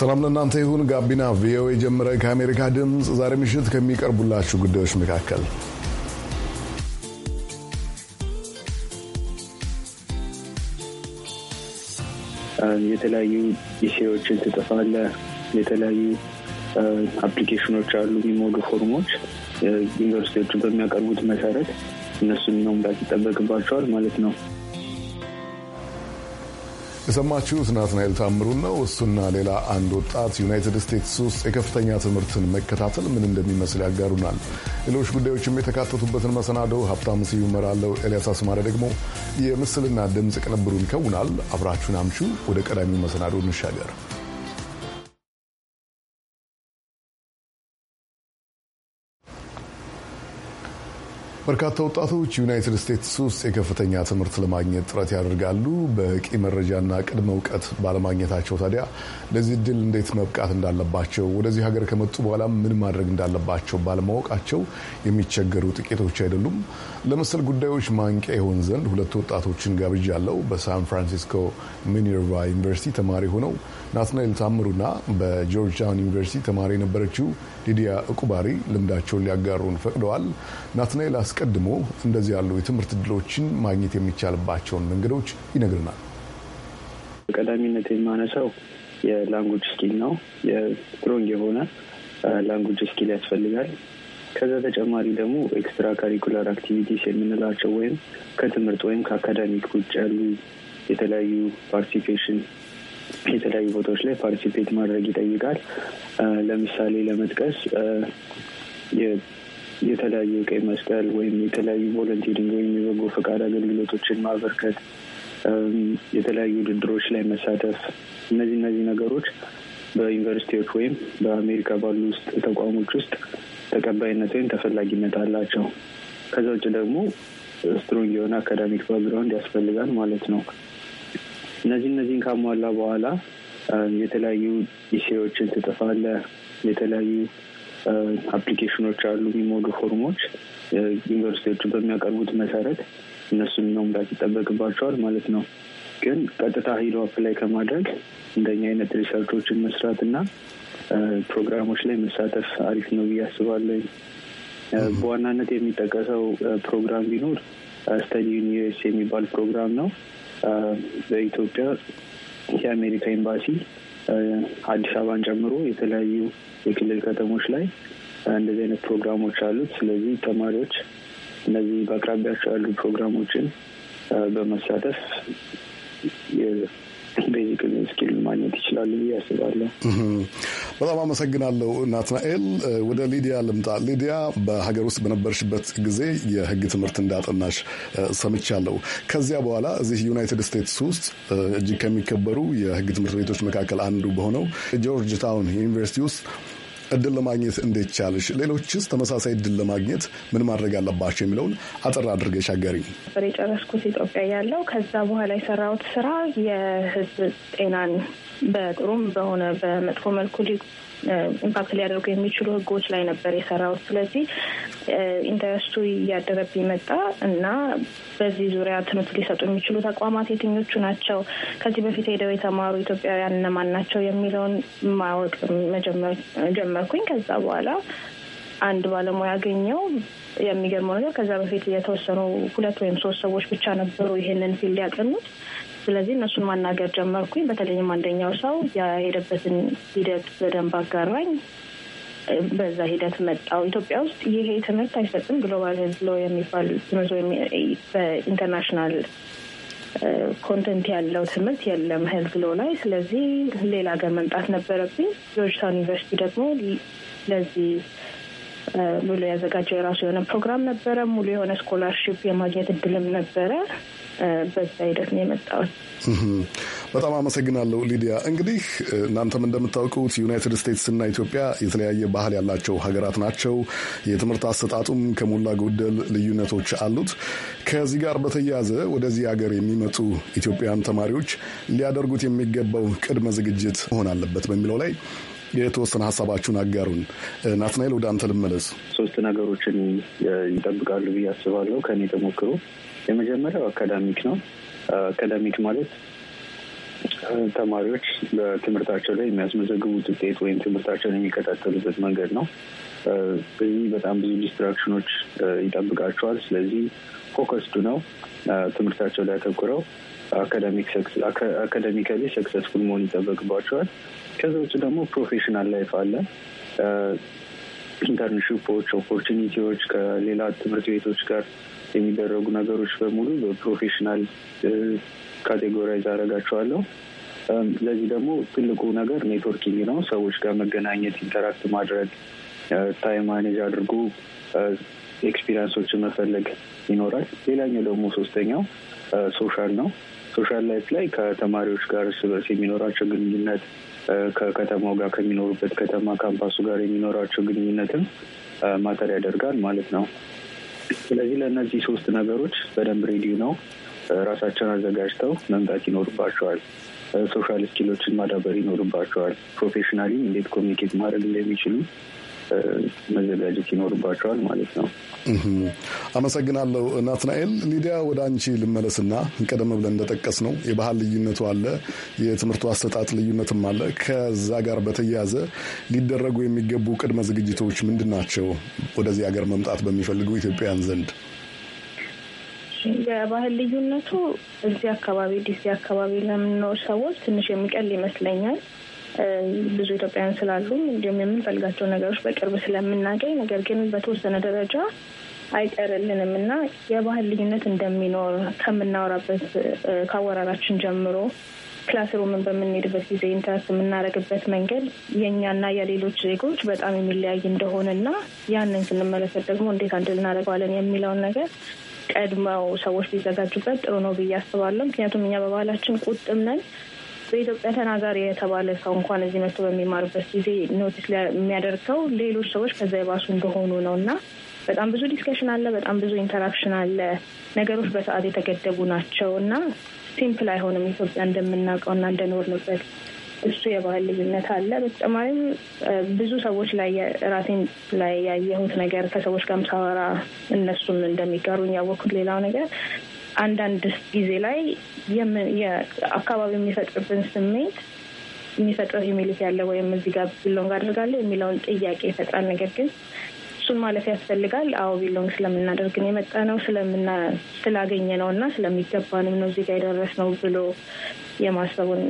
ሰላም ለእናንተ ይሁን። ጋቢና ቪኦኤ ጀመረ። ከአሜሪካ ድምፅ ዛሬ ምሽት ከሚቀርቡላችሁ ጉዳዮች መካከል የተለያዩ ኢሴዎችን ትጽፋለህ። የተለያዩ አፕሊኬሽኖች አሉ፣ የሚሞሉ ፎርሞች ዩኒቨርሲቲዎቹ በሚያቀርቡት መሰረት እነሱን መሙላት ይጠበቅባቸዋል ማለት ነው። የሰማችሁት ናትናኤል ታምሩን ነው። እሱና ሌላ አንድ ወጣት ዩናይትድ ስቴትስ ውስጥ የከፍተኛ ትምህርትን መከታተል ምን እንደሚመስል ያጋሩናል። ሌሎች ጉዳዮችም የተካተቱበትን መሰናደው ሀብታም ስዩ እመራለሁ። ኤልያስ አስማሪ ደግሞ የምስልና ድምፅ ቅንብሩን ይከውናል። አብራችሁን አምሹ። ወደ ቀዳሚው መሰናዶ እንሻገር። በርካታ ወጣቶች ዩናይትድ ስቴትስ ውስጥ የከፍተኛ ትምህርት ለማግኘት ጥረት ያደርጋሉ። በቂ መረጃና ቅድመ እውቀት ባለማግኘታቸው ታዲያ ለዚህ እድል እንዴት መብቃት እንዳለባቸው፣ ወደዚህ ሀገር ከመጡ በኋላ ምን ማድረግ እንዳለባቸው ባለማወቃቸው የሚቸገሩ ጥቂቶች አይደሉም። ለምስል ጉዳዮች ማንቂያ ይሆን ዘንድ ሁለት ወጣቶችን ጋብዣ ያለው በሳን ፍራንሲስኮ ሚኒርቫ ዩኒቨርሲቲ ተማሪ ሆነው ናትናኤል ታምሩና በጆርጅታውን ዩኒቨርሲቲ ተማሪ የነበረችው ሊዲያ እቁባሪ ልምዳቸውን ሊያጋሩን ፈቅደዋል። ናትናኤል አስቀድሞ እንደዚህ ያሉ የትምህርት እድሎችን ማግኘት የሚቻልባቸውን መንገዶች ይነግርናል። በቀዳሚነት የማነሳው የላንጉጅ ስኪል ነው። የስትሮንግ የሆነ ላንጉጅ ስኪል ያስፈልጋል። ከዛ ተጨማሪ ደግሞ ኤክስትራ ካሪኩላር አክቲቪቲስ የምንላቸው ወይም ከትምህርት ወይም ከአካዳሚክ ውጭ ያሉ የተለያዩ ፓርቲፔሽን የተለያዩ ቦታዎች ላይ ፓርቲፔት ማድረግ ይጠይቃል። ለምሳሌ ለመጥቀስ የተለያዩ ቀይ መስቀል ወይም የተለያዩ ቮለንቲሪንግ ወይም የበጎ ፈቃድ አገልግሎቶችን ማበርከት፣ የተለያዩ ውድድሮች ላይ መሳተፍ፣ እነዚህ እነዚህ ነገሮች በዩኒቨርሲቲዎች ወይም በአሜሪካ ባሉ ውስጥ ተቋሞች ውስጥ ተቀባይነት ወይም ተፈላጊነት አላቸው። ከዛ ውጭ ደግሞ ስትሮንግ የሆነ አካዳሚክ ባክግራውንድ ያስፈልጋል ማለት ነው። እነዚህ እነዚህን ካሟላ በኋላ የተለያዩ ኢሴዎችን ትጽፋለህ። የተለያዩ አፕሊኬሽኖች አሉ፣ የሚሞሉ ፎርሞች ዩኒቨርሲቲዎቹ በሚያቀርቡት መሰረት እነሱን መሙላት ይጠበቅባቸዋል ማለት ነው። ግን ቀጥታ ሂዶ አፕላይ ከማድረግ እንደኛ አይነት ሪሰርቾችን መስራት እና ፕሮግራሞች ላይ መሳተፍ አሪፍ ነው ብዬ አስባለሁ። በዋናነት የሚጠቀሰው ፕሮግራም ቢኖር ስተዲ ኢን የሚባል ፕሮግራም ነው። በኢትዮጵያ የአሜሪካ ኤምባሲ አዲስ አበባን ጨምሮ የተለያዩ የክልል ከተሞች ላይ እንደዚህ አይነት ፕሮግራሞች አሉት። ስለዚህ ተማሪዎች እነዚህ በአቅራቢያቸው ያሉ ፕሮግራሞችን በመሳተፍ ቤዚክ ስኪል ማግኘት ይችላሉ ብዬ አስባለሁ። በጣም አመሰግናለሁ ናትናኤል። ወደ ሊዲያ ልምጣ። ሊዲያ በሀገር ውስጥ በነበርሽበት ጊዜ የህግ ትምህርት እንዳጠናሽ ሰምቻለሁ። ከዚያ በኋላ እዚህ ዩናይትድ ስቴትስ ውስጥ እጅግ ከሚከበሩ የህግ ትምህርት ቤቶች መካከል አንዱ በሆነው ጆርጅ ታውን ዩኒቨርሲቲ ውስጥ እድል ለማግኘት እንዴት ቻልሽ? ሌሎችስ ተመሳሳይ እድል ለማግኘት ምን ማድረግ አለባቸው የሚለውን አጠር አድርገሽ አጋሪ። የጨረስኩት ኢትዮጵያ ያለው ከዛ በኋላ የሰራሁት ስራ የህዝብ ጤናን በጥሩም በሆነ በመጥፎ መልኩ ኢምፓክት ሊያደርጉ የሚችሉ ህጎች ላይ ነበር የሰራሁት። ስለዚህ ኢንተረስቱ እያደረብኝ መጣ እና በዚህ ዙሪያ ትምህርት ሊሰጡ የሚችሉ ተቋማት የትኞቹ ናቸው፣ ከዚህ በፊት ሄደው የተማሩ ኢትዮጵያውያን እነማን ናቸው የሚለውን ማወቅ መጀመር ጀመርኩኝ። ከዛ በኋላ አንድ ባለሙያ አገኘው። የሚገርመው ነገር ከዛ በፊት የተወሰኑ ሁለት ወይም ሶስት ሰዎች ብቻ ነበሩ ይሄንን ፊልድ ያቀኑት? ስለዚህ እነሱን ማናገር ጀመርኩኝ። በተለይም አንደኛው ሰው የሄደበትን ሂደት በደንብ አጋራኝ። በዛ ሂደት መጣው ኢትዮጵያ ውስጥ ይሄ ትምህርት አይሰጥም። ግሎባል ሄልዝ ሎ የሚባል ትምህርት ወይም በኢንተርናሽናል ኮንተንት ያለው ትምህርት የለም ሄልዝ ሎ ላይ። ስለዚህ ሌላ ሀገር መምጣት ነበረብኝ። ጆርጅታውን ዩኒቨርሲቲ ደግሞ ለዚህ ሙሉ ያዘጋጀው የራሱ የሆነ ፕሮግራም ነበረ። ሙሉ የሆነ ስኮላርሽፕ የማግኘት እድልም ነበረ። በዛ ሂደት ነው የመጣሁት። በጣም አመሰግናለሁ ሊዲያ። እንግዲህ እናንተም እንደምታውቁት ዩናይትድ ስቴትስ እና ኢትዮጵያ የተለያየ ባህል ያላቸው ሀገራት ናቸው። የትምህርት አሰጣጡም ከሞላ ጎደል ልዩነቶች አሉት። ከዚህ ጋር በተያያዘ ወደዚህ ሀገር የሚመጡ ኢትዮጵያውያን ተማሪዎች ሊያደርጉት የሚገባው ቅድመ ዝግጅት መሆን አለበት በሚለው ላይ የተወሰነ ሀሳባችሁን አጋሩን። ናትናኤል ወደ አንተ ልመለስ። ሶስት ነገሮችን ይጠብቃሉ ብዬ አስባለሁ ከኔ ተሞክሮ። የመጀመሪያው አካዳሚክ ነው። አካዳሚክ ማለት ተማሪዎች በትምህርታቸው ላይ የሚያስመዘግቡት ውጤት ወይም ትምህርታቸውን የሚከታተሉበት መንገድ ነው። በዚህ በጣም ብዙ ዲስትራክሽኖች ይጠብቃቸዋል። ስለዚህ ፎከስዱ ነው ትምህርታቸው ላይ አተኩረው አካዳሚካሊ ሰክሰስፉል መሆን ይጠበቅባቸዋል። ከዛ ውጭ ደግሞ ፕሮፌሽናል ላይፍ አለ። ኢንተርንሽፖች፣ ኦፖርቹኒቲዎች ከሌላ ትምህርት ቤቶች ጋር የሚደረጉ ነገሮች በሙሉ በፕሮፌሽናል ካቴጎራይዝ አደርጋቸዋለሁ። ለዚህ ደግሞ ትልቁ ነገር ኔትወርኪንግ ነው። ሰዎች ጋር መገናኘት፣ ኢንተራክት ማድረግ፣ ታይም ማኔጅ አድርጎ ኤክስፒሪንሶችን መፈለግ ይኖራል። ሌላኛው ደግሞ ሶስተኛው ሶሻል ነው። ሶሻል ላይፍ ላይ ከተማሪዎች ጋር እርስ በርስ የሚኖራቸው ግንኙነት ከከተማው ጋር ከሚኖሩበት ከተማ ካምፓሱ ጋር የሚኖራቸው ግንኙነትም ማተር ያደርጋል ማለት ነው። ስለዚህ ለእነዚህ ሶስት ነገሮች በደንብ ሬዲዮ ነው ራሳቸውን አዘጋጅተው መምጣት ይኖርባቸዋል። ሶሻል ስኪሎችን ማዳበር ይኖርባቸዋል። ፕሮፌሽናሊ እንዴት ኮሚኒኬት ማድረግ እንደሚችሉ መዘጋጀት ይኖርባቸዋል ማለት ነው። አመሰግናለሁ ናትናኤል። ሊዲያ ወደ አንቺ ልመለስና ቀደም ብለን እንደጠቀስ ነው የባህል ልዩነቱ አለ፣ የትምህርቱ አሰጣጥ ልዩነትም አለ። ከዛ ጋር በተያያዘ ሊደረጉ የሚገቡ ቅድመ ዝግጅቶች ምንድን ናቸው? ወደዚህ ሀገር መምጣት በሚፈልጉ ኢትዮጵያውያን ዘንድ የባህል ልዩነቱ እዚህ አካባቢ ዲሲ አካባቢ ለምንኖር ሰዎች ትንሽ የሚቀል ይመስለኛል። ብዙ ኢትዮጵያውያን ስላሉ እንዲሁም የምንፈልጋቸው ነገሮች በቅርብ ስለምናገኝ ነገር ግን በተወሰነ ደረጃ አይቀርልንም እና የባህል ልዩነት እንደሚኖር ከምናወራበት ከአወራራችን ጀምሮ ክላስሩምን በምንሄድበት ጊዜ ኢንተራክት የምናደርግበት መንገድ የእኛና የሌሎች ዜጎች በጣም የሚለያይ እንደሆነ እና ያንን ስንመለከት ደግሞ እንዴት አንድ ልናደርገዋለን የሚለውን ነገር ቀድመው ሰዎች ቢዘጋጁበት ጥሩ ነው ብዬ አስባለሁ። ምክንያቱም እኛ በባህላችን ቁጥም ነን በኢትዮጵያ ተናጋሪ የተባለ ሰው እንኳን እዚህ መጥቶ በሚማርበት ጊዜ ኖቲስ የሚያደርገው ሌሎች ሰዎች ከዛ የባሱ እንደሆኑ ነው እና በጣም ብዙ ዲስከሽን አለ፣ በጣም ብዙ ኢንተራክሽን አለ። ነገሮች በሰዓት የተገደቡ ናቸው እና ሲምፕል አይሆንም። ኢትዮጵያ እንደምናውቀው እና እንደኖርንበት እሱ የባህል ልዩነት አለ። በተጨማሪም ብዙ ሰዎች ላይ ራሴን ላይ ያየሁት ነገር ከሰዎች ጋርም ሳወራ እነሱም እንደሚጋሩኝ ያወቅኩት ሌላው ነገር አንዳንድ ጊዜ ላይ አካባቢ የሚፈጥርብን ስሜት የሚፈጥረው ሂሚሊቲ ያለ ወይም እዚህ ጋር ቢሎንግ አድርጋለሁ የሚለውን ጥያቄ ይፈጥራል። ነገር ግን እሱን ማለፍ ያስፈልጋል። አዎ ቢሎንግ ስለምናደርግን የመጣ ነው ስላገኘ ነው እና ስለሚገባንም ነው እዚህ ጋር የደረስ ነው ብሎ የማሰቡን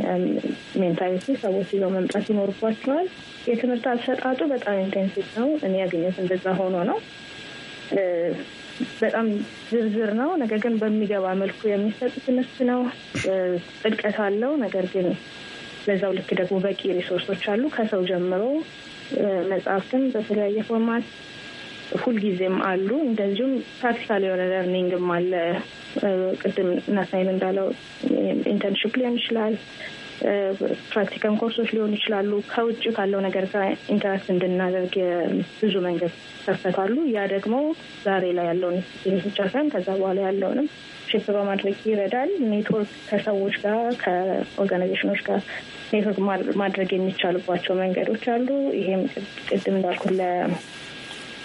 ሜንታሊቲ ሰዎች ይዘው መምጣት ይኖርባቸዋል። የትምህርት አሰጣጡ በጣም ኢንቴንሲቭ ነው። እኔ ያገኘሁት እንደዛ ሆኖ ነው በጣም ዝርዝር ነው። ነገር ግን በሚገባ መልኩ የሚሰጥ ትምህርት ነው። ጥልቀት አለው። ነገር ግን በዛው ልክ ደግሞ በቂ ሪሶርሶች አሉ። ከሰው ጀምሮ መጽሐፍትም በተለያየ ፎርማት ሁልጊዜም አሉ። እንደዚሁም ፕራክቲካል የሆነ ለርኒንግም አለ። ቅድም እናሳይን እንዳለው ኢንተርንሽፕ ሊሆን ይችላል ፕራክቲከም ኮርሶች ሊሆኑ ይችላሉ። ከውጭ ካለው ነገር ጋር ኢንተራክት እንድናደርግ ብዙ መንገድ ይከፈታሉ። ያ ደግሞ ዛሬ ላይ ያለውን ብቻ ሳይሆን ከዛ በኋላ ያለውንም ሽፍ በማድረግ ይረዳል። ኔትወርክ ከሰዎች ጋር ከኦርጋናይዜሽኖች ጋር ኔትወርክ ማድረግ የሚቻልባቸው መንገዶች አሉ። ይሄም ቅድም እንዳልኩ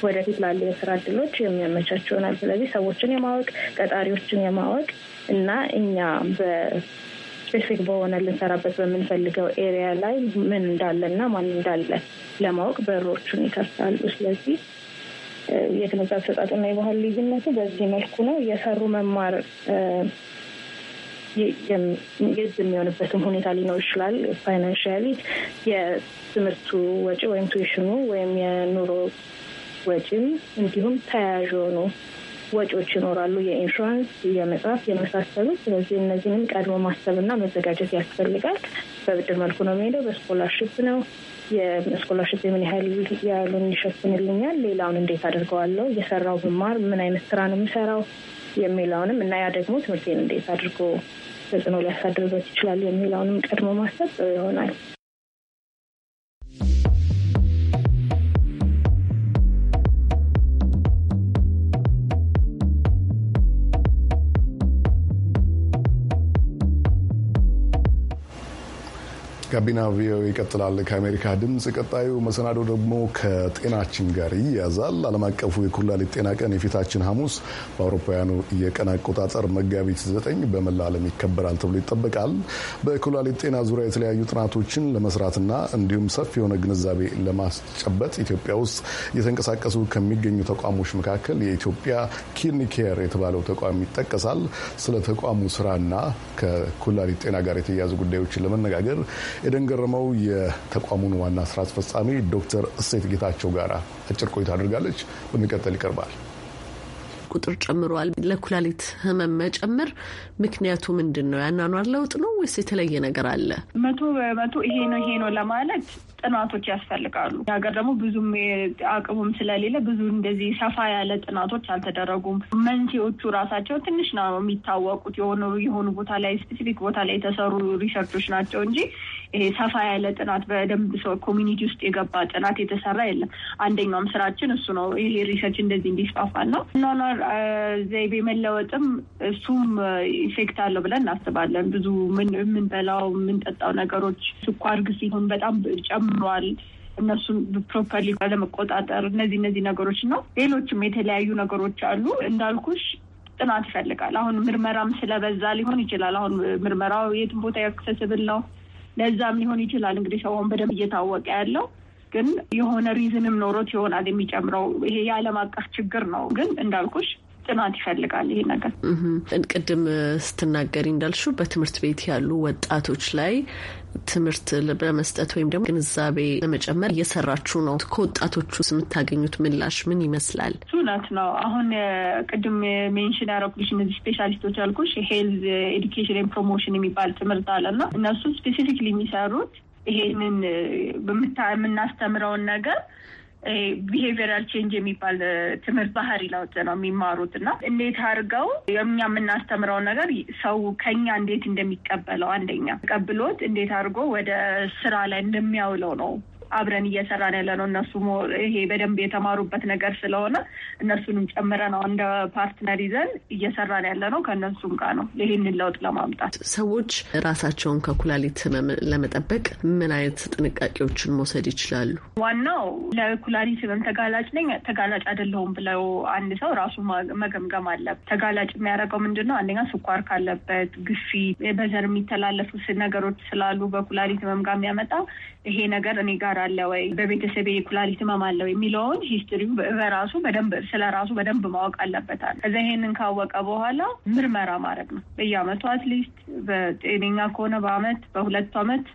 ወደፊት ላሉ የስራ እድሎች የሚያመቻቸው ይሆናል። ስለዚህ ሰዎችን የማወቅ ቀጣሪዎችን የማወቅ እና እኛ ስፔሲፊክ በሆነ ልንሰራበት በምንፈልገው ኤሪያ ላይ ምን እንዳለ እና ማን እንዳለ ለማወቅ በሮቹን ይከፍታሉ። ስለዚህ የግንዛቤ አሰጣጡና የባህል ልዩነቱ በዚህ መልኩ ነው። እየሰሩ መማር የዝ የሚሆንበትም ሁኔታ ሊኖር ይችላል። ፋይናንሽያሊ የትምህርቱ ወጪ ወይም ቱዊሽኑ ወይም የኑሮ ወጪም እንዲሁም ተያያዥ የሆኑ ወጪዎች ይኖራሉ፣ የኢንሹራንስ፣ የመጽሐፍ የመሳሰሉት። ስለዚህ እነዚህንም ቀድሞ ማሰብና መዘጋጀት ያስፈልጋል። በብድር መልኩ ነው የሚሄደው፣ በስኮላርሽፕ ነው። የስኮላርሽፕ የምን ያህል ያሉን ይሸፍንልኛል፣ ሌላውን እንዴት አድርገዋለሁ፣ እየሰራው ብማር ምን አይነት ስራ ነው የምሰራው የሚለውንም እና ያ ደግሞ ትምህርቴን እንዴት አድርጎ ተጽዕኖ ሊያሳድርበት ይችላል የሚለውንም ቀድሞ ማሰብ ጥሩ ይሆናል። ጋቢና ቪኦኤ ይቀጥላል። ከአሜሪካ ድምፅ ቀጣዩ መሰናዶ ደግሞ ከጤናችን ጋር ይያዛል። ዓለም አቀፉ የኩላሊት ጤና ቀን የፊታችን ሐሙስ በአውሮፓውያኑ የቀን አቆጣጠር መጋቢት ዘጠኝ በመላ ዓለም ይከበራል ተብሎ ይጠበቃል። በኩላሊት ጤና ዙሪያ የተለያዩ ጥናቶችን ለመስራትና እንዲሁም ሰፊ የሆነ ግንዛቤ ለማስጨበጥ ኢትዮጵያ ውስጥ እየተንቀሳቀሱ ከሚገኙ ተቋሞች መካከል የኢትዮጵያ ኬር የተባለው ተቋም ይጠቀሳል። ስለ ተቋሙ ስራና ከኩላሊት ጤና ጋር የተያያዙ ጉዳዮችን ለመነጋገር ኤደን ገረመው የተቋሙን ዋና ስራ አስፈጻሚ ዶክተር እሴት ጌታቸው ጋር አጭር ቆይታ አድርጋለች። በሚቀጥል ይቀርባል። ቁጥር ጨምረዋል። ለኩላሊት ህመም መጨመር ምክንያቱ ምንድን ነው? ያኗኗር ለውጥ ነው ወይስ የተለየ ነገር አለ? መቶ በመቶ ይሄ ነው ይሄ ነው ለማለት ጥናቶች ያስፈልጋሉ። ሀገር ደግሞ ብዙም አቅሙም ስለሌለ ብዙ እንደዚህ ሰፋ ያለ ጥናቶች አልተደረጉም። መንስኤዎቹ ራሳቸው ትንሽ ነው የሚታወቁት የሆኑ የሆኑ ቦታ ላይ ስፔሲፊክ ቦታ ላይ የተሰሩ ሪሰርቾች ናቸው እንጂ ይሄ ሰፋ ያለ ጥናት በደንብ ሰው ኮሚኒቲ ውስጥ የገባ ጥናት የተሰራ የለም። አንደኛውም ስራችን እሱ ነው። ይሄ ሪሰርች እንደዚህ እንዲስፋፋ ነው። ኗኗር ዘይቤ መለወጥም እሱም ኢፌክት አለው ብለን እናስባለን። ብዙ የምንበላው የምንጠጣው ነገሮች ስኳር ግፊት በጣም ጨምሮ ጨምሯል። እነሱን ፕሮፐርሊ ለመቆጣጠር እነዚህ እነዚህ ነገሮች ነው። ሌሎችም የተለያዩ ነገሮች አሉ እንዳልኩሽ ጥናት ይፈልጋል። አሁን ምርመራም ስለበዛ ሊሆን ይችላል። አሁን ምርመራው የትም ቦታ ያክሰስብል ነው። ለዛም ሊሆን ይችላል እንግዲህ ሰውን በደንብ እየታወቀ ያለው ግን የሆነ ሪዝንም ኖሮት ይሆናል የሚጨምረው። ይሄ የዓለም አቀፍ ችግር ነው። ግን እንዳልኩሽ ጥናት ይፈልጋል ይሄ ነገር። ቅድም ስትናገሪ እንዳልሹ በትምህርት ቤት ያሉ ወጣቶች ላይ ትምህርት በመስጠት ወይም ደግሞ ግንዛቤ ለመጨመር እየሰራችሁ ነው። ከወጣቶቹ የምታገኙት ምላሽ ምን ይመስላል? እውነት ነው። አሁን ቅድም ሜንሽን ያረኩልሽ እነዚህ ስፔሻሊስቶች ያልኩሽ ሄልዝ ኤዱኬሽን ፕሮሞሽን የሚባል ትምህርት አለና እነሱ ስፔሲፊክሊ የሚሰሩት ይሄንን የምናስተምረውን ነገር ቢሄቪራል ቼንጅ የሚባል ትምህርት ባህሪ ለውጥ ነው የሚማሩት እና እንዴት አድርገው የእኛ የምናስተምረው ነገር ሰው ከኛ እንዴት እንደሚቀበለው አንደኛ ቀብሎት እንዴት አድርጎ ወደ ስራ ላይ እንደሚያውለው ነው አብረን እየሰራን ያለ ነው። እነሱ ይሄ በደንብ የተማሩበት ነገር ስለሆነ እነሱንም ጨምረ ነው እንደ ፓርትነር ይዘን እየሰራን ያለ ነው። ከእነሱም ጋር ነው ይህንን ለውጥ ለማምጣት። ሰዎች ራሳቸውን ከኩላሊት ህመም ለመጠበቅ ምን አይነት ጥንቃቄዎችን መውሰድ ይችላሉ? ዋናው ለኩላሊት ህመም ተጋላጭ ነኝ ተጋላጭ አይደለሁም ብለው አንድ ሰው ራሱ መገምገም አለበት። ተጋላጭ የሚያደርገው ምንድን ነው? አንደኛ ስኳር ካለበት፣ ግፊት፣ በዘር የሚተላለፉ ነገሮች ስላሉ በኩላሊት ህመም ጋር የሚያመጣ ይሄ ነገር እኔ ጋር አለ ወይ፣ በቤተሰብ የኩላሊት ህመም አለ ወይ የሚለውን ሂስትሪ በራሱ በደንብ ስለ ራሱ በደንብ ማወቅ አለበታል። ከዛ ይሄንን ካወቀ በኋላ ምርመራ ማድረግ ነው በየአመቱ አትሊስት በጤነኛ ከሆነ በአመት በሁለቱ አመት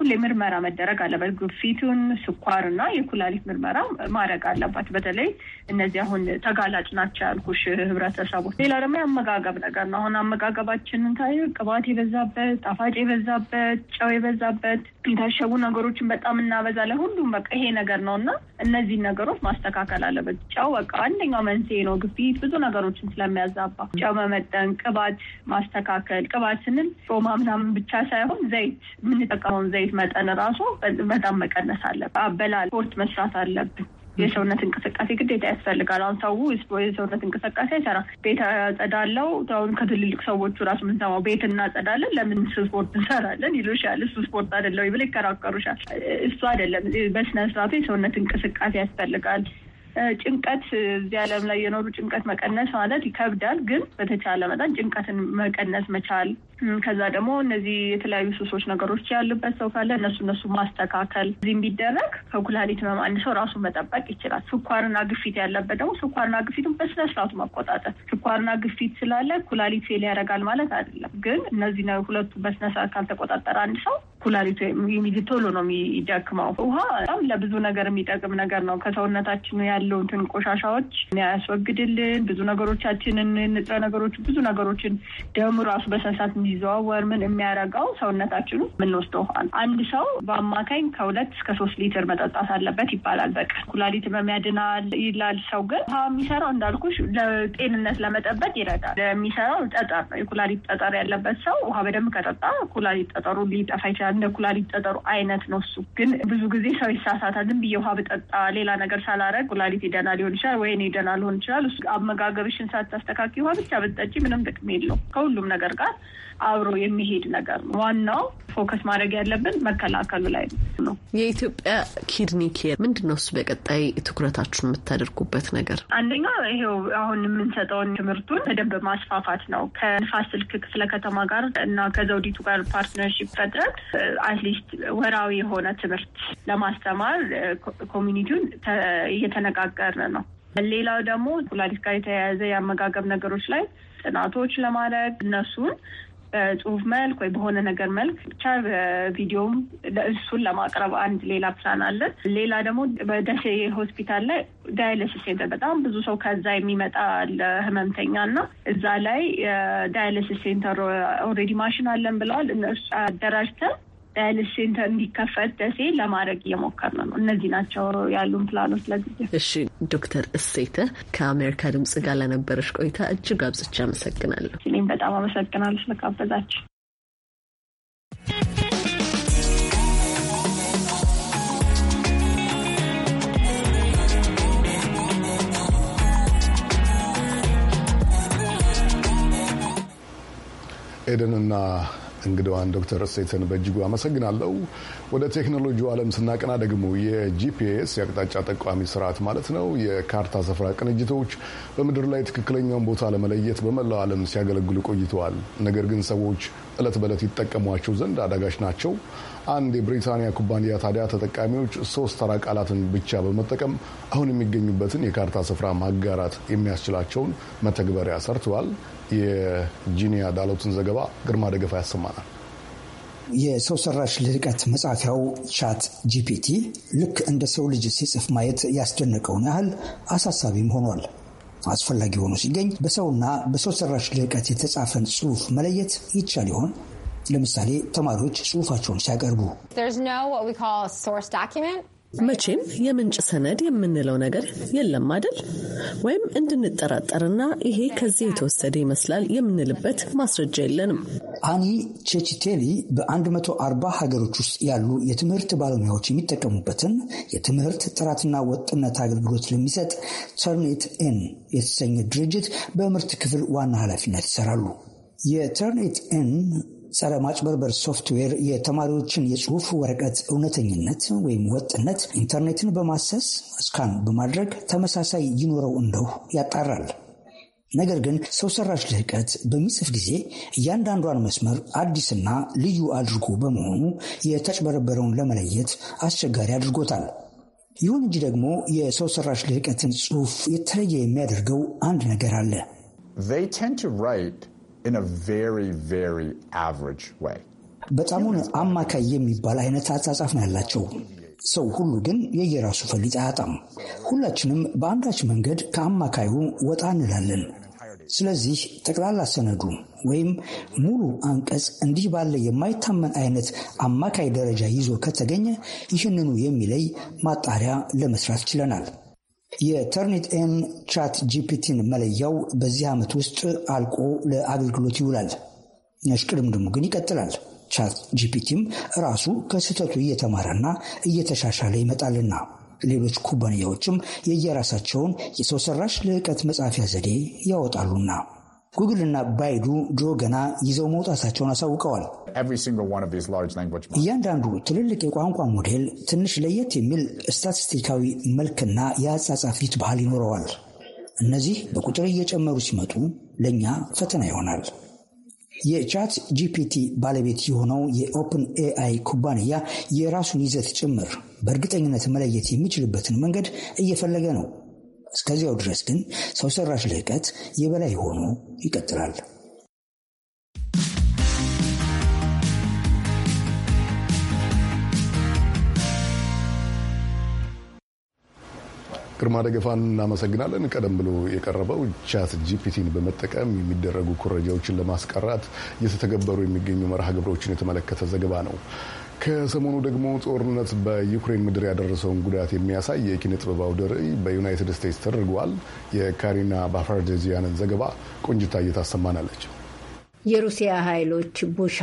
ሁሌ ምርመራ መደረግ አለበት። ግፊቱን፣ ስኳር እና የኩላሊት ምርመራ ማድረግ አለባት። በተለይ እነዚህ አሁን ተጋላጭ ናቸው ያልኩሽ ህብረተሰቦች። ሌላ ደግሞ የአመጋገብ ነገር ነው። አሁን አመጋገባችንን ታየ ቅባት የበዛበት፣ ጣፋጭ የበዛበት፣ ጨው የበዛበት የታሸጉ ነገሮችን በጣም እናበዛለን። ሁሉም በቃ ይሄ ነገር ነው እና እነዚህን ነገሮች ማስተካከል አለበት። ጨው በቃ አንደኛው መንስኤ ነው። ግፊት ብዙ ነገሮችን ስለሚያዛባ ጨው መመጠን፣ ቅባት ማስተካከል። ቅባት ስንል ጮማ ምናምን ብቻ ሳይሆን ዘይት የምንጠቀመውን ዘይት የካሎሪን መጠን ራሱ በጣም መቀነስ አለብን። አበላል ስፖርት መስራት አለብን። የሰውነት እንቅስቃሴ ግዴታ ያስፈልጋል። አሁን ሰው የሰውነት እንቅስቃሴ አይሰራም። ቤት ጸዳለው አሁን ከትልልቅ ሰዎቹ ራሱ የምንሰማው ቤት እናጸዳለን፣ ለምን ስፖርት እንሰራለን ይሉሻል። እሱ ስፖርት አይደለም ብለው ይከራከሩሻል። እሱ አይደለም። በስነ ስርዓቱ የሰውነት እንቅስቃሴ ያስፈልጋል። ጭንቀት እዚህ ዓለም ላይ የኖሩ ጭንቀት መቀነስ ማለት ይከብዳል፣ ግን በተቻለ መጠን ጭንቀትን መቀነስ መቻል ከዛ ደግሞ እነዚህ የተለያዩ ሱሶች ነገሮች ያሉበት ሰው ካለ እነሱ እነሱ ማስተካከል እዚህም ቢደረግ ከኩላሊት ህመም አንድ ሰው ራሱን መጠበቅ ይችላል። ስኳርና ግፊት ያለበት ደግሞ ስኳርና ግፊቱን በስነ ስርዓቱ መቆጣጠር። ስኳርና ግፊት ስላለ ኩላሊት ፌል ያደርጋል ማለት አይደለም፣ ግን እነዚህ ሁለቱ በስነ ስርዓት ካልተቆጣጠረ አንድ ሰው ኩላሊቱ ቶሎ ነው የሚደክመው። ውሃ በጣም ለብዙ ነገር የሚጠቅም ነገር ነው። ከሰውነታችን ያለውትን ቆሻሻዎች ያስወግድልን፣ ብዙ ነገሮቻችንን ንጥረ ነገሮች ብዙ ነገሮችን ደም ራሱ በሰንሳት እንዲዘዋወር ምን የሚያረጋው ሰውነታችን የምንወስደው ውሃ ነው። አንድ ሰው በአማካኝ ከሁለት እስከ ሶስት ሊትር መጠጣት አለበት ይባላል በቀን ኩላሊት በሚያድናል ይላል ሰው። ግን ውሃ የሚሰራው እንዳልኩሽ ለጤንነት ለመጠበቅ ይረዳል። የሚሰራው ጠጠር ነው። የኩላሊት ጠጠር ያለበት ሰው ውሃ በደንብ ከጠጣ ኩላሊት ጠጠሩ ሊጠፋ ይችላል። እንደ ኩላሊት ጠጠሩ አይነት ነው። እሱ ግን ብዙ ጊዜ ሰው ይሳሳታል። ዝም ብዬ ውሃ ብጠጣ ሌላ ነገር ሳላረግ ኩላሊት ደህና ሊሆን ይችላል፣ ወይኔ ደህና ሊሆን ይችላል። እሱ አመጋገብሽን ሳታስተካኪ ውሃ ብቻ ብትጠጪ ምንም ጥቅም የለው ከሁሉም ነገር ጋር አብሮ የሚሄድ ነገር ነው። ዋናው ፎከስ ማድረግ ያለብን መከላከሉ ላይ ነው። የኢትዮጵያ ኪድኒ ኬር ምንድን ነው እሱ? በቀጣይ ትኩረታችሁን የምታደርጉበት ነገር አንደኛ ይሄው አሁን የምንሰጠውን ትምህርቱን በደንብ ማስፋፋት ነው። ከንፋስ ስልክ ክፍለ ከተማ ጋር እና ከዘውዲቱ ጋር ፓርትነርሺፕ ፈጥረን አትሊስት ወራዊ የሆነ ትምህርት ለማስተማር ኮሚኒቲውን እየተነጋገርን ነው። ሌላው ደግሞ ኩላሊት ጋር የተያያዘ የአመጋገብ ነገሮች ላይ ጥናቶች ለማድረግ እነሱን በጽሁፍ መልክ ወይ በሆነ ነገር መልክ ብቻ በቪዲዮም እሱን ለማቅረብ አንድ ሌላ ፕላን አለን። ሌላ ደግሞ በደሴ ሆስፒታል ላይ ዳያሊሲስ ሴንተር በጣም ብዙ ሰው ከዛ የሚመጣ ህመምተኛ እና እዛ ላይ ዳያሊሲስ ሴንተር ኦልሬዲ ማሽን አለን ብለዋል። እነሱ አደራጅተን ልሽ እንዲከፈት ደሴ ለማድረግ እየሞከርን ነው። እነዚህ ናቸው ያሉን ፕላኖች ለጊዜ። እሺ ዶክተር እሴተ ከአሜሪካ ድምጽ ጋር ለነበረች ቆይታ እጅግ አብዝቼ አመሰግናለሁ። እኔም በጣም አመሰግናለሁ ስለጋበዛችሁ። ኤደንና እንግዳዋን ዶክተር እሴትን በእጅጉ አመሰግናለሁ። ወደ ቴክኖሎጂው ዓለም ስናቀና ደግሞ የጂፒኤስ የአቅጣጫ ጠቋሚ ስርዓት ማለት ነው የካርታ ስፍራ ቅንጅቶች በምድር ላይ ትክክለኛውን ቦታ ለመለየት በመላው ዓለም ሲያገለግሉ ቆይተዋል። ነገር ግን ሰዎች እለት በዕለት ይጠቀሟቸው ዘንድ አዳጋች ናቸው። አንድ የብሪታንያ ኩባንያ ታዲያ ተጠቃሚዎች ሶስት ተራ ቃላትን ብቻ በመጠቀም አሁን የሚገኙበትን የካርታ ስፍራ ማጋራት የሚያስችላቸውን መተግበሪያ ሰርተዋል። የጂኒ አዳሎትን ዘገባ ግርማ ደገፋ ያሰማናል። የሰው ሰራሽ ልህቀት መጻፊያው ቻት ጂፒቲ ልክ እንደ ሰው ልጅ ሲጽፍ ማየት ያስደነቀውን ያህል አሳሳቢም ሆኗል። አስፈላጊ ሆኖ ሲገኝ በሰውና በሰው ሰራሽ ልህቀት የተጻፈን ጽሑፍ መለየት ይቻል ይሆን? ለምሳሌ ተማሪዎች ጽሑፋቸውን ሲያቀርቡ መቼም የምንጭ ሰነድ የምንለው ነገር የለም አይደል? ወይም እንድንጠራጠርና ይሄ ከዚህ የተወሰደ ይመስላል የምንልበት ማስረጃ የለንም። አኒ ቼቺቴሊ በ140 ሀገሮች ውስጥ ያሉ የትምህርት ባለሙያዎች የሚጠቀሙበትን የትምህርት ጥራትና ወጥነት አገልግሎት ለሚሰጥ ተርኔት ኤን የተሰኘ ድርጅት በምርት ክፍል ዋና ኃላፊነት ይሰራሉ። የተርኔት ኤን ጸረ ማጭበርበር ሶፍትዌር የተማሪዎችን የጽሁፍ ወረቀት እውነተኝነት ወይም ወጥነት ኢንተርኔትን በማሰስ እስካን በማድረግ ተመሳሳይ ይኖረው እንደው ያጣራል። ነገር ግን ሰው ሰራሽ ልህቀት በሚጽፍ ጊዜ እያንዳንዷን መስመር አዲስና ልዩ አድርጎ በመሆኑ የተጭበረበረውን ለመለየት አስቸጋሪ አድርጎታል። ይሁን እንጂ ደግሞ የሰው ሰራሽ ልህቀትን ጽሁፍ የተለየ የሚያደርገው አንድ ነገር አለ። በጣሙን አማካይ የሚባል አይነት አጻጻፍ ነው ያላቸው። ሰው ሁሉ ግን የየራሱ ፈሊጥ አያጣም። ሁላችንም በአንዳች መንገድ ከአማካዩ ወጣ እንላለን። ስለዚህ ጠቅላላ ሰነዱ ወይም ሙሉ አንቀጽ እንዲህ ባለ የማይታመን አይነት አማካይ ደረጃ ይዞ ከተገኘ ይህንኑ የሚለይ ማጣሪያ ለመስራት ችለናል። የተርኒትኤም ቻት ጂፒቲን መለያው በዚህ ዓመት ውስጥ አልቆ ለአገልግሎት ይውላል። እሽቅድምድሙ ግን ይቀጥላል። ቻት ጂፒቲም ራሱ ከስህተቱ እየተማረና እየተሻሻለ ይመጣልና ሌሎች ኩባንያዎችም የየራሳቸውን የሰው ሰራሽ ልዕቀት መጻፊያ ዘዴ ያወጣሉና ጉግል እና ባይዱ ድሮ ገና ይዘው መውጣታቸውን አሳውቀዋል። እያንዳንዱ ትልልቅ የቋንቋ ሞዴል ትንሽ ለየት የሚል ስታቲስቲካዊ መልክና የአጻጻፍ ፊት ባህል ይኖረዋል። እነዚህ በቁጥር እየጨመሩ ሲመጡ ለእኛ ፈተና ይሆናል። የቻት ጂፒቲ ባለቤት የሆነው የኦፕን ኤአይ ኩባንያ የራሱን ይዘት ጭምር በእርግጠኝነት መለየት የሚችልበትን መንገድ እየፈለገ ነው። እስከዚያው ድረስ ግን ሰው ሰራሽ ልህቀት የበላይ ሆኖ ይቀጥላል። ግርማ ደገፋን እናመሰግናለን። ቀደም ብሎ የቀረበው ቻት ጂፒቲን በመጠቀም የሚደረጉ ኩረጃዎችን ለማስቀራት እየተተገበሩ የሚገኙ መርሃ ግብሮችን የተመለከተ ዘገባ ነው። ከሰሞኑ ደግሞ ጦርነት በዩክሬን ምድር ያደረሰውን ጉዳት የሚያሳይ የኪነ ጥበብ አውደ ርዕይ በዩናይትድ ስቴትስ ተደርጓል። የካሪና ባፋርጀዚያንን ዘገባ ቆንጅታ እየታሰማናለች። የሩሲያ ኃይሎች ቡሻ፣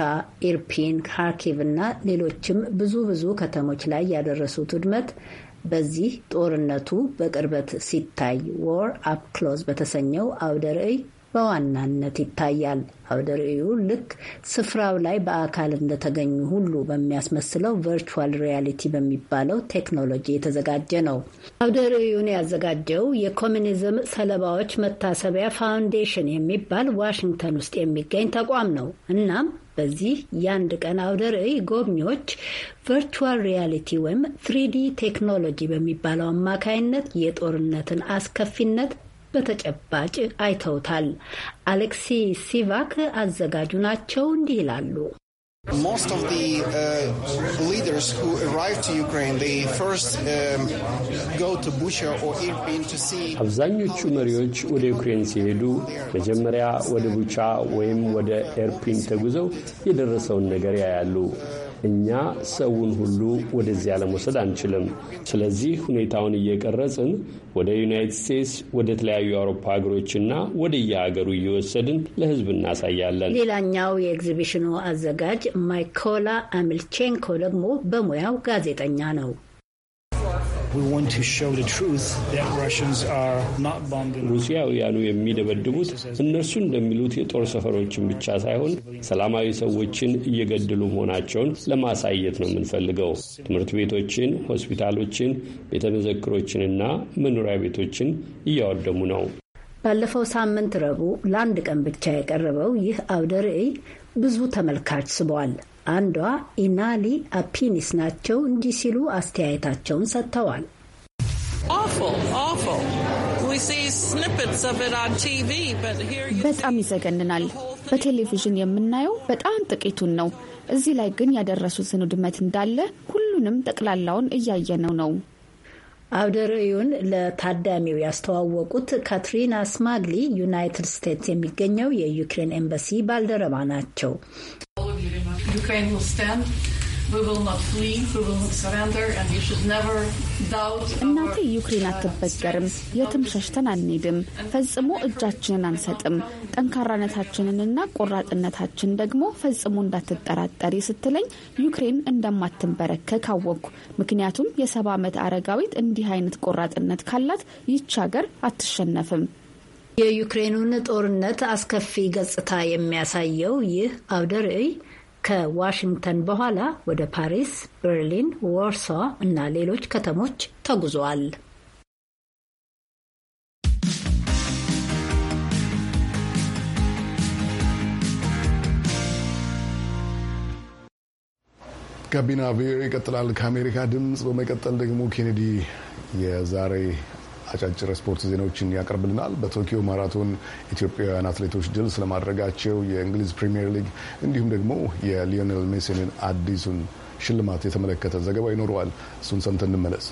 ኢርፒን፣ ካርኪቭ እና ሌሎችም ብዙ ብዙ ከተሞች ላይ ያደረሱት ውድመት በዚህ ጦርነቱ በቅርበት ሲታይ ዎር አፕ ክሎዝ በተሰኘው አውደ ርዕይ በዋናነት ይታያል። አውደ ርዕዩ ልክ ስፍራው ላይ በአካል እንደተገኙ ሁሉ በሚያስመስለው ቨርቹዋል ሪያሊቲ በሚባለው ቴክኖሎጂ የተዘጋጀ ነው። አውደ ርዕዩን ያዘጋጀው የኮሚኒዝም ሰለባዎች መታሰቢያ ፋውንዴሽን የሚባል ዋሽንግተን ውስጥ የሚገኝ ተቋም ነው። እናም በዚህ የአንድ ቀን አውደ ርዕይ ጎብኚዎች ቨርቹዋል ሪያሊቲ ወይም ትሪዲ ቴክኖሎጂ በሚባለው አማካይነት የጦርነትን አስከፊነት በተጨባጭ አይተውታል። አሌክሲ ሲቫክ አዘጋጁ ናቸው። እንዲህ ይላሉ። Most of the uh, leaders who arrive to Ukraine, they first um, go to Bucha or Irpin to see. አብዛኞቹ መሪዎች ወደ ዩክሬን ሲሄዱ መጀመሪያ ወደ ቡቻ ወይም ወደ ኤርፒን ተጉዘው የደረሰውን ነገር ያያሉ። እኛ ሰውን ሁሉ ወደዚያ ለመውሰድ አንችልም። ስለዚህ ሁኔታውን እየቀረጽን ወደ ዩናይትድ ስቴትስ፣ ወደ ተለያዩ የአውሮፓ ሀገሮችና ወደየሀገሩ እየወሰድን ለህዝብ እናሳያለን። ሌላኛው የኤግዚቢሽኑ አዘጋጅ ማይኮላ አሚልቼንኮ ደግሞ በሙያው ጋዜጠኛ ነው። ሩሲያው ያሉ የሚደበድቡት እነርሱ እንደሚሉት የጦር ሰፈሮችን ብቻ ሳይሆን ሰላማዊ ሰዎችን እየገደሉ መሆናቸውን ለማሳየት ነው የምንፈልገው። ትምህርት ቤቶችን፣ ሆስፒታሎችን፣ ቤተ መዘክሮችንና መኖሪያ ቤቶችን እያወደሙ ነው። ባለፈው ሳምንት ረቡዕ ለአንድ ቀን ብቻ የቀረበው ይህ አውደ ርዕይ ብዙ ተመልካች ስቧል። አንዷ ኢናሊ አፒኒስ ናቸው። እንዲህ ሲሉ አስተያየታቸውን ሰጥተዋል። በጣም ይዘገንናል። በቴሌቪዥን የምናየው በጣም ጥቂቱን ነው። እዚህ ላይ ግን ያደረሱትን ውድመት እንዳለ ሁሉንም ጠቅላላውን እያየነው ነው። አውደ ለታዳሚው ያስተዋወቁት ካትሪና ስማግሊ ዩናይትድ ስቴትስ የሚገኘው የዩክሬን ኤምባሲ ባልደረባ ናቸው። Ukraine will stand. እናቴ ዩክሬን አትበገርም፣ የትም ሸሽተን አንሄድም፣ ፈጽሞ እጃችንን አንሰጥም፣ ጠንካራነታችንንና ቆራጥነታችን ደግሞ ፈጽሞ እንዳትጠራጠሪ ስትለኝ ዩክሬን እንደማትንበረከክ አወቅኩ። ምክንያቱም የሰባ ዓመት አረጋዊት እንዲህ አይነት ቆራጥነት ካላት ይች ሀገር አትሸነፍም። የዩክሬኑን ጦርነት አስከፊ ገጽታ የሚያሳየው ይህ አውደ ርዕይ ከዋሽንግተን በኋላ ወደ ፓሪስ፣ በርሊን፣ ወርሷ እና ሌሎች ከተሞች ተጉዟል። ጋቢና ቪኦኤ ይቀጥላል። ከአሜሪካ ድምፅ በመቀጠል ደግሞ ኬኔዲ የዛሬ አጫጭር ስፖርት ዜናዎችን ያቀርብልናል። በቶኪዮ ማራቶን ኢትዮጵያውያን አትሌቶች ድል ስለማድረጋቸው የእንግሊዝ ፕሪምየር ሊግ እንዲሁም ደግሞ የሊዮኔል ሜሲን አዲሱን ሽልማት የተመለከተ ዘገባ ይኖረዋል። እሱን ሰምተን እንመለስ።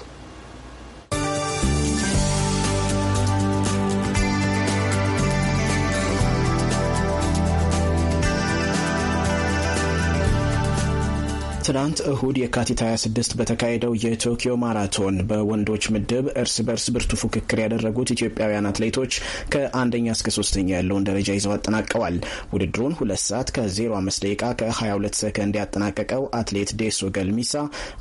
ትናንት እሁድ የካቲት 26 በተካሄደው የቶኪዮ ማራቶን በወንዶች ምድብ እርስ በርስ ብርቱ ፉክክር ያደረጉት ኢትዮጵያውያን አትሌቶች ከአንደኛ እስከ ሶስተኛ ያለውን ደረጃ ይዘው አጠናቀዋል። ውድድሩን ሁለት ሰዓት ከ05 ደቂቃ ከ22 ሰከንድ ያጠናቀቀው አትሌት ዴሶ ገልሚሳ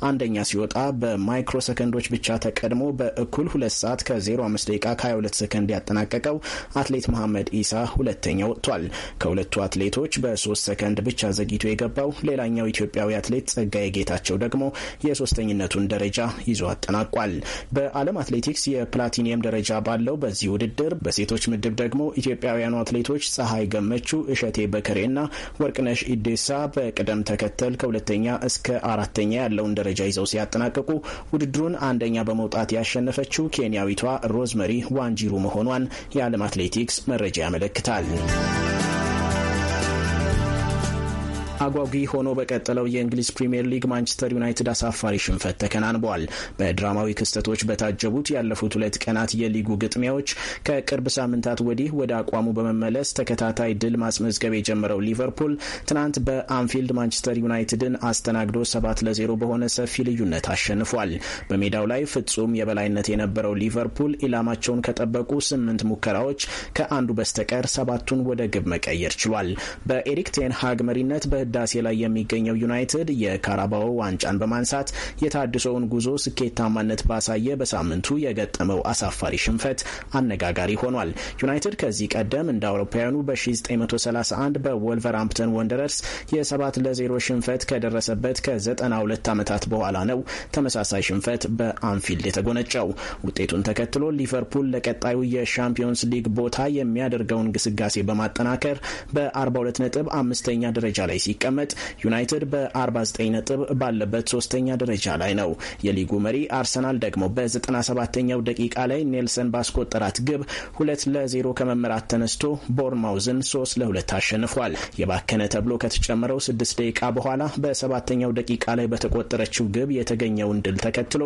አንደኛ ሲወጣ በማይክሮ ሰከንዶች ብቻ ተቀድሞ በእኩል ሁለት ሰዓት ከ05 ደቂቃ ከ22 ሰከንድ ያጠናቀቀው አትሌት መሐመድ ኢሳ ሁለተኛ ወጥቷል። ከሁለቱ አትሌቶች በሶስት ሰከንድ ብቻ ዘግይቶ የገባው ሌላኛው ኢትዮጵያዊ አትሌት ጸጋዬ ጌታቸው ደግሞ የሶስተኝነቱን ደረጃ ይዞ አጠናቋል። በዓለም አትሌቲክስ የፕላቲኒየም ደረጃ ባለው በዚህ ውድድር በሴቶች ምድብ ደግሞ ኢትዮጵያውያኑ አትሌቶች ፀሐይ ገመቹ፣ እሸቴ በከሬና ወርቅነሽ ኢዴሳ በቅደም ተከተል ከሁለተኛ እስከ አራተኛ ያለውን ደረጃ ይዘው ሲያጠናቅቁ ውድድሩን አንደኛ በመውጣት ያሸነፈችው ኬንያዊቷ ሮዝመሪ ዋንጂሩ መሆኗን የዓለም አትሌቲክስ መረጃ ያመለክታል። አጓጊ ሆኖ በቀጠለው የእንግሊዝ ፕሪምየር ሊግ ማንቸስተር ዩናይትድ አሳፋሪ ሽንፈት ተከናንበዋል። በድራማዊ ክስተቶች በታጀቡት ያለፉት ሁለት ቀናት የሊጉ ግጥሚያዎች ከቅርብ ሳምንታት ወዲህ ወደ አቋሙ በመመለስ ተከታታይ ድል ማስመዝገብ የጀመረው ሊቨርፑል ትናንት በአንፊልድ ማንቸስተር ዩናይትድን አስተናግዶ ሰባት ለዜሮ በሆነ ሰፊ ልዩነት አሸንፏል። በሜዳው ላይ ፍጹም የበላይነት የነበረው ሊቨርፑል ኢላማቸውን ከጠበቁ ስምንት ሙከራዎች ከአንዱ በስተቀር ሰባቱን ወደ ግብ መቀየር ችሏል። በኤሪክ ቴንሃግ መሪነት በ በህዳሴ ላይ የሚገኘው ዩናይትድ የካራባኦ ዋንጫን በማንሳት የታድሶውን ጉዞ ስኬታማነት ባሳየ በሳምንቱ የገጠመው አሳፋሪ ሽንፈት አነጋጋሪ ሆኗል። ዩናይትድ ከዚህ ቀደም እንደ አውሮፓውያኑ በ1931 በወልቨርሃምፕተን ወንደረርስ የ7 ለ0 ሽንፈት ከደረሰበት ከ92 ዓመታት በኋላ ነው ተመሳሳይ ሽንፈት በአንፊልድ የተጎነጨው። ውጤቱን ተከትሎ ሊቨርፑል ለቀጣዩ የሻምፒዮንስ ሊግ ቦታ የሚያደርገውን ግስጋሴ በማጠናከር በ42 ነጥብ አምስተኛ ደረጃ ላይ ሲ ሲቀመጥ ዩናይትድ በ49 ነጥብ ባለበት ሶስተኛ ደረጃ ላይ ነው። የሊጉ መሪ አርሰናል ደግሞ በ97ኛው ደቂቃ ላይ ኔልሰን ባስቆጠራት ግብ ሁለት ለዜሮ ከመመራት ተነስቶ ቦርማውዝን ሶስት ለሁለት አሸንፏል። የባከነ ተብሎ ከተጨመረው ስድስት ደቂቃ በኋላ በሰባተኛው ደቂቃ ላይ በተቆጠረችው ግብ የተገኘውን ድል ተከትሎ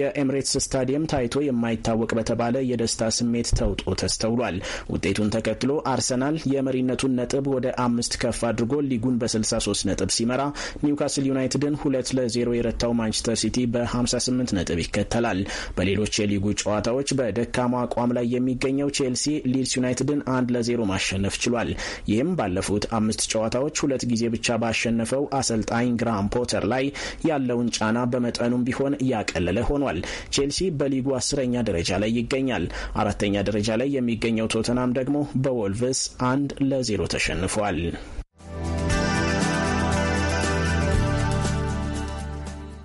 የኤምሬትስ ስታዲየም ታይቶ የማይታወቅ በተባለ የደስታ ስሜት ተውጦ ተስተውሏል። ውጤቱን ተከትሎ አርሰናል የመሪነቱን ነጥብ ወደ አምስት ከፍ አድርጎ ሊጉን በስልሳ በ63 ነጥብ ሲመራ ኒውካስል ዩናይትድን ሁለት ለዜሮ የረታው ማንቸስተር ሲቲ በ58 ነጥብ ይከተላል። በሌሎች የሊጉ ጨዋታዎች በደካማ አቋም ላይ የሚገኘው ቼልሲ ሊድስ ዩናይትድን አንድ ለዜሮ ማሸነፍ ችሏል። ይህም ባለፉት አምስት ጨዋታዎች ሁለት ጊዜ ብቻ ባሸነፈው አሰልጣኝ ግራም ፖተር ላይ ያለውን ጫና በመጠኑም ቢሆን ያቀለለ ሆኗል። ቼልሲ በሊጉ አስረኛ ደረጃ ላይ ይገኛል። አራተኛ ደረጃ ላይ የሚገኘው ቶተናም ደግሞ በወልቭስ አንድ ለዜሮ ተሸንፏል።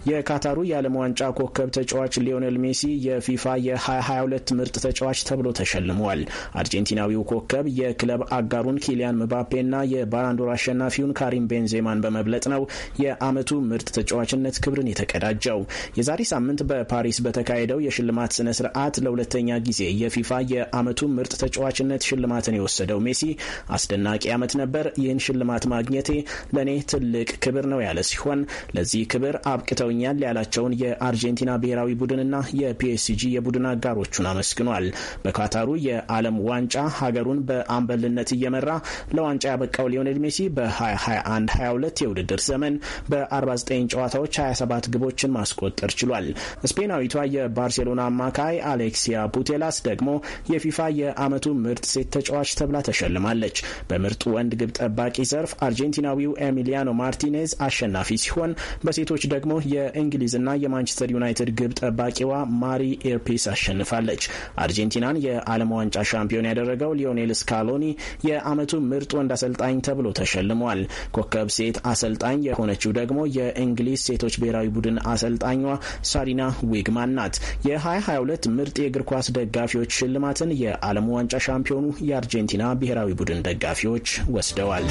የካታሩ የዓለም ዋንጫ ኮከብ ተጫዋች ሊዮኔል ሜሲ የፊፋ የ2022 ምርጥ ተጫዋች ተብሎ ተሸልሟል። አርጀንቲናዊው ኮከብ የክለብ አጋሩን ኪሊያን ምባፔና የባላንዶር አሸናፊውን ካሪም ቤንዜማን በመብለጥ ነው የዓመቱ ምርጥ ተጫዋችነት ክብርን የተቀዳጀው። የዛሬ ሳምንት በፓሪስ በተካሄደው የሽልማት ስነ ስርዓት ለሁለተኛ ጊዜ የፊፋ የአመቱ ምርጥ ተጫዋችነት ሽልማትን የወሰደው ሜሲ አስደናቂ ዓመት ነበር፣ ይህን ሽልማት ማግኘቴ ለእኔ ትልቅ ክብር ነው ያለ ሲሆን ለዚህ ክብር አብቅተው አድርጎኛል ያላቸውን የአርጀንቲና ብሔራዊ ቡድንና የፒኤስጂ የቡድን አጋሮቹን አመስግኗል። በካታሩ የዓለም ዋንጫ ሀገሩን በአምበልነት እየመራ ለዋንጫ ያበቃው ሊዮኔል ሜሲ በ2021 22 የውድድር ዘመን በ49 ጨዋታዎች 27 ግቦችን ማስቆጠር ችሏል። ስፔናዊቷ የባርሴሎና አማካይ አሌክሲያ ፑቴላስ ደግሞ የፊፋ የዓመቱ ምርጥ ሴት ተጫዋች ተብላ ተሸልማለች። በምርጡ ወንድ ግብ ጠባቂ ዘርፍ አርጀንቲናዊው ኤሚሊያኖ ማርቲኔዝ አሸናፊ ሲሆን በሴቶች ደግሞ የ የእንግሊዝና የማንቸስተር ዩናይትድ ግብ ጠባቂዋ ማሪ ኤርፔስ አሸንፋለች። አርጀንቲናን የዓለም ዋንጫ ሻምፒዮን ያደረገው ሊዮኔል ስካሎኒ የዓመቱ ምርጥ ወንድ አሰልጣኝ ተብሎ ተሸልሟል። ኮከብ ሴት አሰልጣኝ የሆነችው ደግሞ የእንግሊዝ ሴቶች ብሔራዊ ቡድን አሰልጣኟ ሳሪና ዊግማን ናት። የ2022 ምርጥ የእግር ኳስ ደጋፊዎች ሽልማትን የዓለም ዋንጫ ሻምፒዮኑ የአርጀንቲና ብሔራዊ ቡድን ደጋፊዎች ወስደዋል።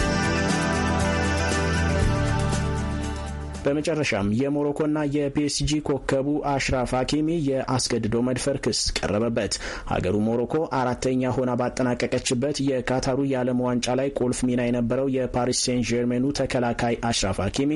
በመጨረሻም የሞሮኮና የፒኤስጂ ኮከቡ አሽራፍ ሀኪሚ የአስገድዶ መድፈር ክስ ቀረበበት። ሀገሩ ሞሮኮ አራተኛ ሆና ባጠናቀቀችበት የካታሩ የዓለም ዋንጫ ላይ ቁልፍ ሚና የነበረው የፓሪስ ሴን ጀርሜኑ ተከላካይ አሽራፍ ሀኪሚ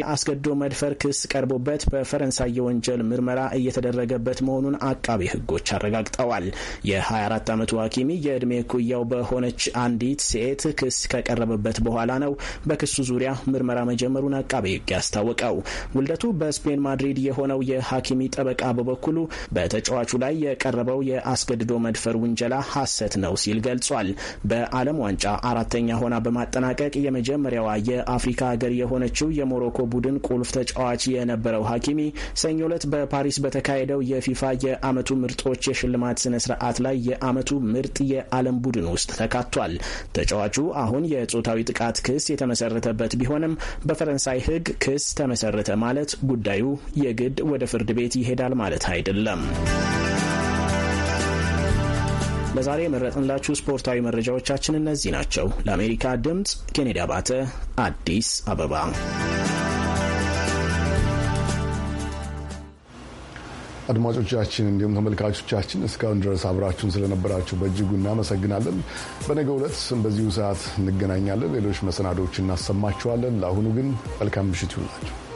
የአስገድዶ መድፈር ክስ ቀርቦበት በፈረንሳይ የወንጀል ምርመራ እየተደረገበት መሆኑን አቃቤ ሕጎች አረጋግጠዋል። የ24 ዓመቱ ሀኪሚ የዕድሜ ኩያው በሆነች አንዲት ሴት ክስ ከቀረበበት በኋላ ነው በክሱ ዙሪያ ምርመራ መጀመሩን አቃቤ ሕግ ያስታወቀ ያስታወቀው። ውልደቱ በስፔን ማድሪድ የሆነው የሐኪሚ ጠበቃ በበኩሉ በተጫዋቹ ላይ የቀረበው የአስገድዶ መድፈር ውንጀላ ሐሰት ነው ሲል ገልጿል። በዓለም ዋንጫ አራተኛ ሆና በማጠናቀቅ የመጀመሪያዋ የአፍሪካ ሀገር የሆነችው የሞሮኮ ቡድን ቁልፍ ተጫዋች የነበረው ሐኪሚ ሰኞ ዕለት በፓሪስ በተካሄደው የፊፋ የዓመቱ ምርጦች የሽልማት ስነ ስርዓት ላይ የዓመቱ ምርጥ የዓለም ቡድን ውስጥ ተካቷል። ተጫዋቹ አሁን የጾታዊ ጥቃት ክስ የተመሰረተበት ቢሆንም በፈረንሳይ ሕግ ክስ ተመሰረተ ማለት ጉዳዩ የግድ ወደ ፍርድ ቤት ይሄዳል ማለት አይደለም። ለዛሬ የመረጥንላችሁ ስፖርታዊ መረጃዎቻችን እነዚህ ናቸው። ለአሜሪካ ድምፅ ኬኔዲ አባተ አዲስ አበባ አድማጮቻችን እንዲሁም ተመልካቾቻችን እስካሁን ድረስ አብራችሁን ስለነበራችሁ በእጅጉ እናመሰግናለን። በነገ ዕለት በዚሁ ሰዓት እንገናኛለን። ሌሎች መሰናዶዎች እናሰማችኋለን። ለአሁኑ ግን መልካም ምሽት ይሁንላችሁ።